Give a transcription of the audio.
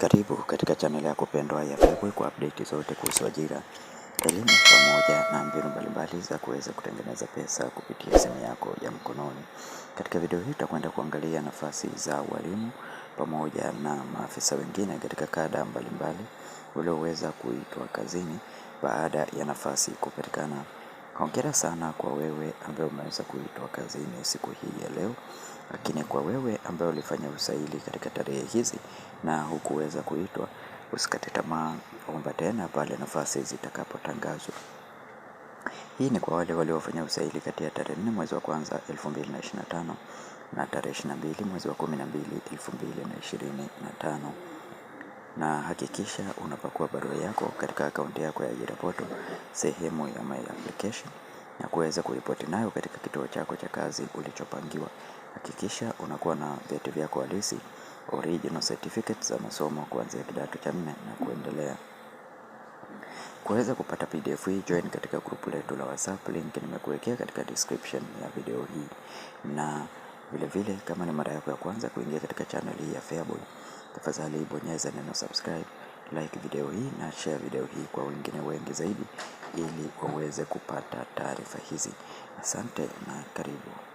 Karibu katika chaneli yako pendwa ya Feaboy kwa update zote kuhusu ajira, elimu pamoja na mbinu mbalimbali za kuweza kutengeneza pesa kupitia simu yako ya mkononi. Katika video hii tutakwenda kuangalia nafasi za walimu pamoja na maafisa wengine katika kada mbalimbali walioweza kuitwa kazini baada ya nafasi kupatikana. Hongera sana kwa wewe ambaye umeweza kuitwa kazini siku hii ya leo, lakini kwa wewe ambaye ulifanya usaili katika tarehe hizi na hukuweza kuitwa, usikate tamaa, omba tena pale nafasi zitakapotangazwa. Hii ni kwa wale waliofanya usaili kati ya tarehe 4 mwezi wa kwanza 2025 na tarehe 22 mwezi wa 12 2025 na hakikisha unapakua barua yako katika akaunti yako ya ajira portal sehemu ya my application na kuweza kuripoti nayo katika kituo chako cha kazi ulichopangiwa. Hakikisha unakuwa na vyeti vyako halisi, original certificate za masomo kuanzia kidato cha nne na kuendelea. Kuweza kupata PDF hii, join katika grupu letu la WhatsApp, link nimekuwekea katika description ya video hii na vile vile kama ni mara yako ya kwanza kuingia katika channel hii ya Feaboy, tafadhali bonyeza neno subscribe, like video hii na share video hii kwa wengine wengi zaidi, ili waweze kupata taarifa hizi. Asante na karibu.